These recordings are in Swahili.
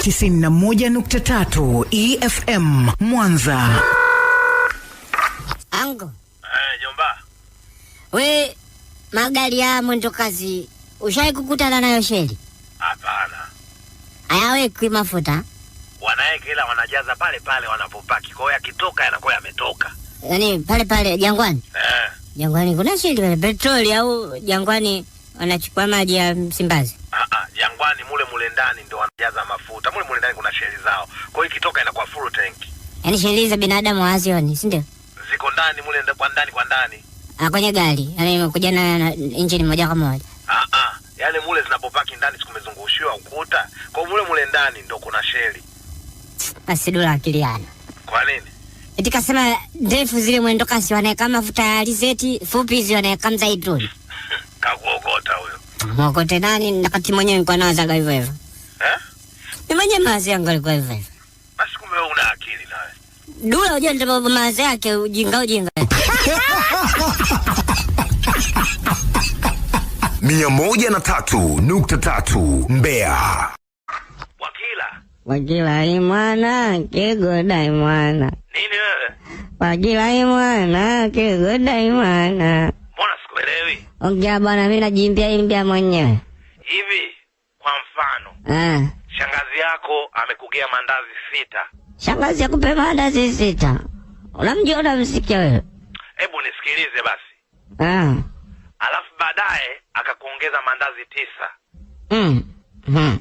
91.3 EFM Mwanza. Ango. Eh, jomba. We magari ya mwendo kazi ushai kukutana nayo sheli? Hapana. Hayawekwi mafuta. Wanaweka ila wanajaza pale pale wanapopaki. Kwa hiyo yakitoka yanakuwa yametoka. Yaani pale pale Jangwani. Eh. Jangwani kuna sheli pale petroli au Jangwani wanachukua maji ya Msimbazi? Ah, Jangwani mule mule ndani ndio wanajaza mafuta mule mule ndani, kuna sheli zao, kwa hiyo ikitoka inakuwa full tank. Yaani sheli za binadamu hazioni, si ndio? Ziko ndani mule kwa ndani kwa ndani ah, kwenye gari yaani imekuja na engine moja kwa moja ah, ah. Yaani mule zinapopaki ndani sikumezungushiwa ukuta, kwa mule mule ndani ndio kuna sheli. Basi dola akili yana kwa nini eti kasema ndefu zile mwendo kasi wanaeka mafuta ya alizeti, fupi hizi wanaeka mzaituni. Kakuogota huyo. Makote nani nakati mwenye mwenyewe nilikuwa nawazaga hivyo hivyo. Eh? Ni mwenye mawazo yangu alikuwa hivyo hivyo. Basi kumbe wewe una akili nawe. Dula unajua ndio mawazo yake ujinga ujinga. Mia moja na tatu nukta tatu Mbeya. Wakila. Wakila imwana kegoda imwana. Nini wewe? Wakila imwana kegoda imwana. Ongea bwana, mimi najiimbia imbia mwenyewe hivi. Kwa mfano eh, shangazi yako amekugea mandazi sita. Shangazi akupe mandazi sita, unamjua unamsikia wewe? Hebu nisikilize basi eh. Alafu baadaye akakuongeza mandazi tisa mm. Mm.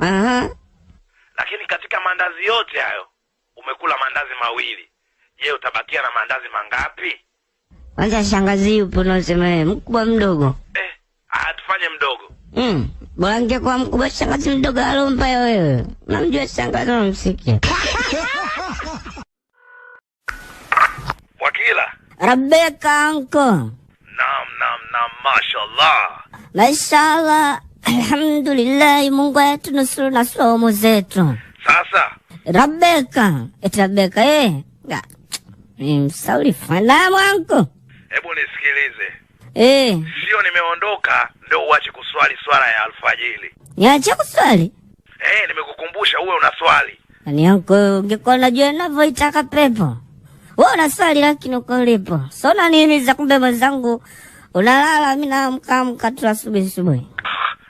Aha. Lakini katika mandazi yote hayo umekula mandazi mawili. Je, utabakia na mandazi mangapi? Kwanza shangazi yupo na useme mkubwa mdogo. Eh, atufanye ah, mdogo. Mm. Bora ningekuwa mkubwa shangazi mdogo alompa wewe. Unamjua shangazi na msiki. Wakila. Rebeka anko. Naam, naam, naam, mashallah. Mashallah. Alhamdulillah, Mungu wetu nusuru na somo zetu. Sasa. Rebeka, eti Rebeka eh. Msauli fana mwanko hebu nisikilize eh. Sio nimeondoka ndio uache kuswali swala ya alfajili. Niache kuswali eh? Nimekukumbusha uwe unaswali. Yaani yako ungekuwa najua ninavyoitaka pepo. Wewe swali lakini uko lipo Sona nini za kumbe mwenzangu unalala, mimi naamka amka tu asubuhi asubuhi.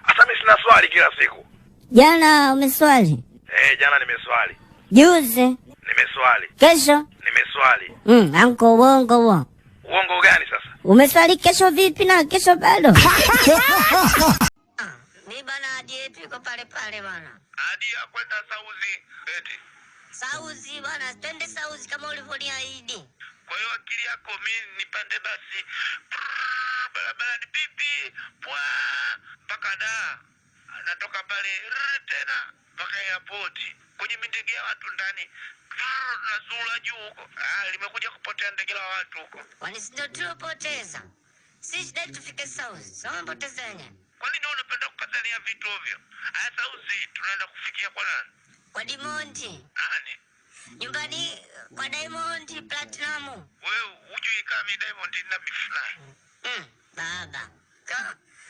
Hata mimi sina swali kila siku. Jana umeswali? Eh, jana nimeswali. Juzi nimeswali. Kesho nimeswali. Mm, anko uongo huo. Uongo gani sasa? Umeswali kesho vipi na kesho bado? Ah, mi bana adi yetu iko pale pale bana. Adi ya kwenda Sauzi eti. Sauzi bana, twende Sauzi kama ulivyoniahidi. Kwa hiyo akili yako mi nipande basi barabara ni pipi pwa mpaka da natoka pale tena mpaka airport kwenye mindege ya watu ndani na zula juu huko. Ah, limekuja kupotea ndege la watu huko. Kwani si ndio tuopoteza? Si shida tufike sauzi Sasa mpoteza yenyewe. Kwani ndio unapenda kukazania vitu ovyo? Haya sauzi tunaenda kufikia kwa nani? Kwa Dimondi. Nani? Nyumbani kwa Diamond Platinum. Wewe hujui kama Diamond ina bifu Mm, baba.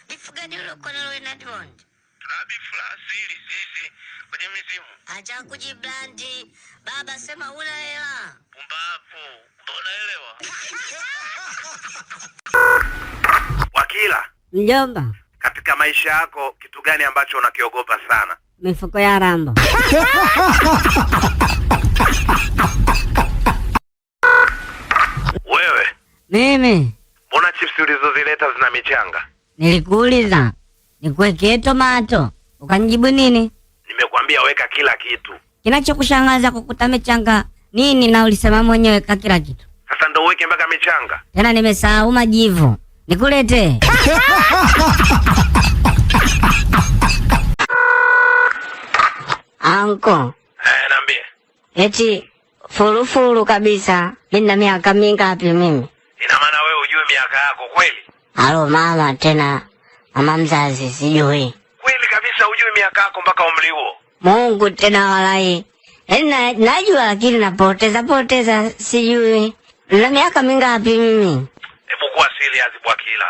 Bifu gani ulokuwa na Diamond? Acha kujiblandi baba, sema una hela pumbavu, unaelewa? Wakila mjomba, katika maisha yako kitu gani ambacho unakiogopa sana? Mifuko ya rambo. Wewe mimi, mbona chipsi ulizozileta zina michanga? Nilikuuliza Nikuwekee tomato, ukanijibu nini? nimekwambia weka kila kitu. Kinachokushangaza kukuta michanga nini na ulisema mwenyewe weka kila kitu. Sasa ndo uweke mpaka amechanga? Tena nimesahau majivu, nikulete Anko. Eh, niambie. Eti furufuru kabisa. Mimi na miaka mingapi mimi? Ina maana wewe ujue miaka yako kweli? Halo mama tena mama mzazi, sijui kweli kabisa. Hujui miaka yako mpaka umri huo? Mungu tena walai, yaani najua lakini napoteza poteza, sijui na miaka mingapi mimi. Hebu kuwa serious kila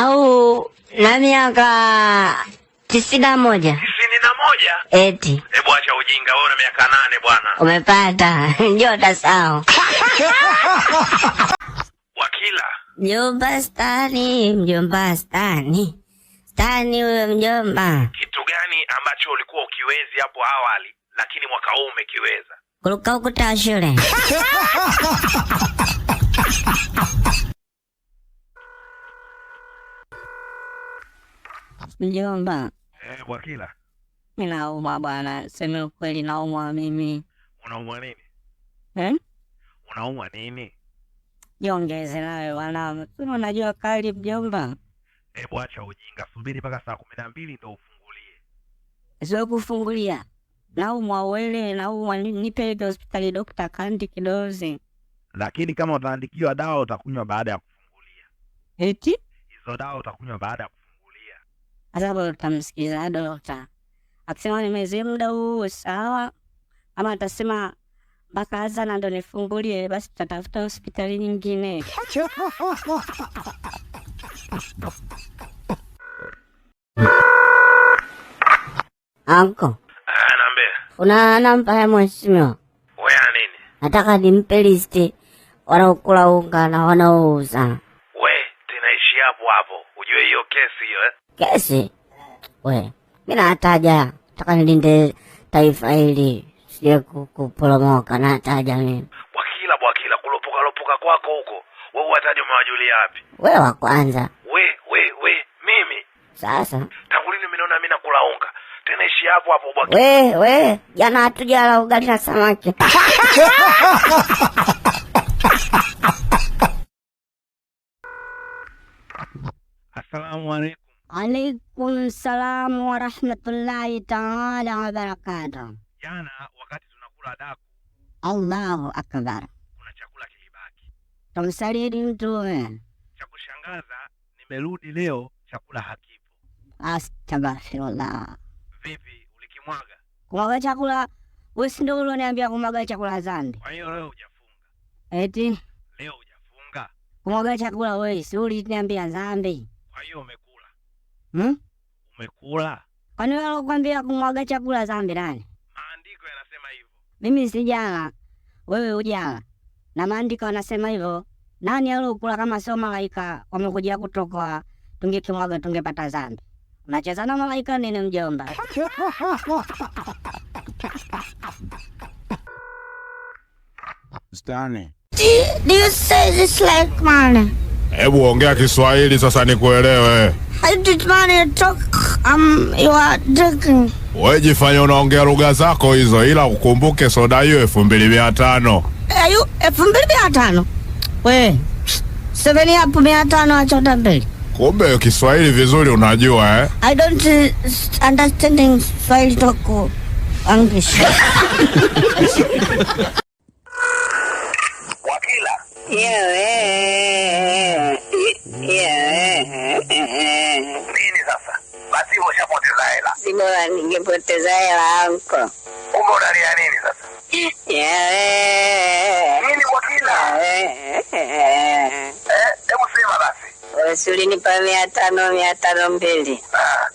au na miaka tisini na moja tisini na moja eti. Hebu acha ujinga wewe, una miaka nane bwana, umepata njota sawa. Wakila, mjomba stani, mjomba stani Stani huyo mjomba. Kitu gani ambacho ulikuwa ukiwezi hapo awali lakini mwaka huu umekiweza? Kuruka ukuta wa shule. Mjomba. Eh, Bwakila. Mimi naumwa bwana, sema ukweli naumwa mimi. Unaumwa nini? Eh? Unaumwa nini? Jiongeze nawe bwana. Unajua kali mjomba. Hebu eh, acha ujinga, subiri mpaka saa kumi na mbili ndo ufungulie. Sio kufungulia nau mwawele nau nipeleke hospitali dokta kandi kidozi. Lakini kama utaandikiwa dawa utakunywa baada ya kufungulia. Eti hizo dawa utakunywa baada ya kufungulia. Sasa utamsikiliza dokta akisema nimezii muda huu sawa, ama atasema mpaka azana ndo nifungulie, basi tutatafuta hospitali nyingine. Anko. Ah, eh, naambia. Una namba ya mheshimiwa? Wewe ya nini? Nataka nimpe listi wanaokula unga na wanaouza. We, tunaishi hapo hapo. Ujue hiyo kesi hiyo eh? Kesi? We, mimi nataja. Nataka nilinde taifa hili. Sije kuporomoka nataja mimi. Bwakila bwakila kulopoka lopoka kwako huko. Wewe wataje umewajulia wapi? Wewe wa kwanza we we we mimi sasa tangulini lini mimi naona mimi nakula unga tena ishi hapo hapo bwana we we jana hatujala ugali na samaki assalamu alaikum alaikum salamu warahmatullahi taala wabarakatuh jana wakati tunakula daku allahu akbar kuna chakula kilibaki tumsalili mtume cha kushangaza nimerudi leo chakula hakipo. Astaghfirullah. Vipi, ulikimwaga? Kumwaga chakula? Wewe si ndio ulioniambia kumwaga chakula zambi? Kwa hiyo leo hujafunga? Eti leo hujafunga kumwaga chakula? Wewe si uliniambia zambi? Kwa hiyo umekula? Hmm? Umekula? Kwani wewe alokuambia kumwaga chakula zambi nani? Maandiko yanasema hivyo. Mimi sijala, wewe ujala, na maandiko yanasema hivyo. Nani aliokula kama sio malaika wamekuja kutoka, tungekimwaga tungepata zambi. Unacheza na malaika nini mjomba? Hebu ongea Kiswahili sasa nikuelewe. Um, Wewe jifanya unaongea lugha zako hizo, ila ukumbuke soda hiyo elfu mbili mia tano. Eh, we Seveni hapo mia tano mbili. Kumbe Kiswahili vizuri unajua eh? I don't uh, Swahili toko English. Wakila. Yeah, yeah, yeah, Nini sasa? Basi hela. hela anko. nini sasa? Yeah, yeah. Nini Hebu sema basi, eh, si eh, ulinipa mia tano mia tano mbili, ah.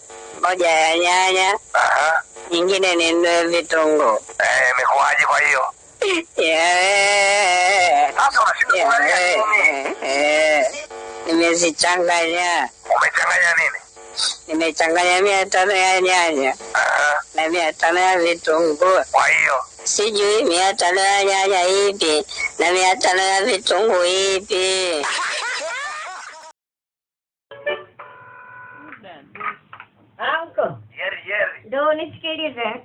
moja ya nyanya, nyingine ni ndoe vitunguu. Eh, imekuwaje kwa hiyo? Nimezichanganya. Umechanganya nini? Nimechanganya mia tano ya nyanya na mia tano ya vitungu sijui mia tano ya nyanya ipi na mia tano ya vitungu ipi? Ndo nisikilize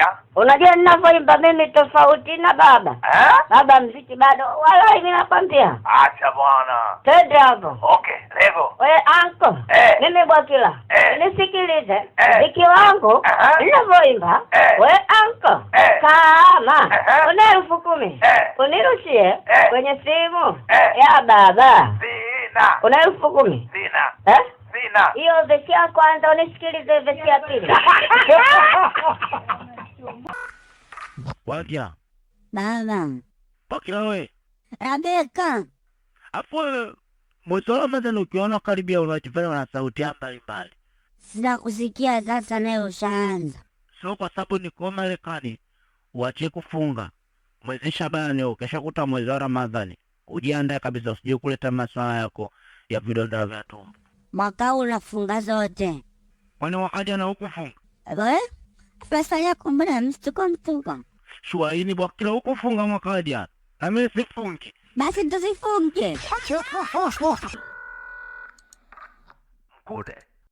Maisha. Unajua ninavyoimba mimi tofauti na baba eh? Baba mziki bado walai, mimi nakwambia, acha bwana, twende hapo. Okay, levo wewe anko eh. Mimi Bwakila eh. Nisikilize eh. mziki eh. wangu uh -huh. ninavyoimba eh. Wewe anko eh. Kama uh -huh. una elfu kumi eh. unirushie eh. kwenye simu eh. ya baba. Sina. Una elfu kumi? Sina. Eh? Sina. Hiyo vesi ya kwanza unisikilize, vesi ya pili Waja baba, pokea we Rebeka. Afu wewe eh, Mwitolo ukiona karibia unachofanya na sauti mbalimbali sina kusikia. Sasa naye ushaanza, so kwa sababu niko Marekani, uache kufunga mwezi Shabani, kuta mwezi wa Ramadhani ujiandae kabisa, usije kuleta maswala yako ya vidonda vya tumbo. Mwaka unafunga zote, kwani wakati anaokufunga eh? rasanya kumran cukup funga. Shua ini wakila si makadia. Amene sifunge. Basi tusifunge. Kode.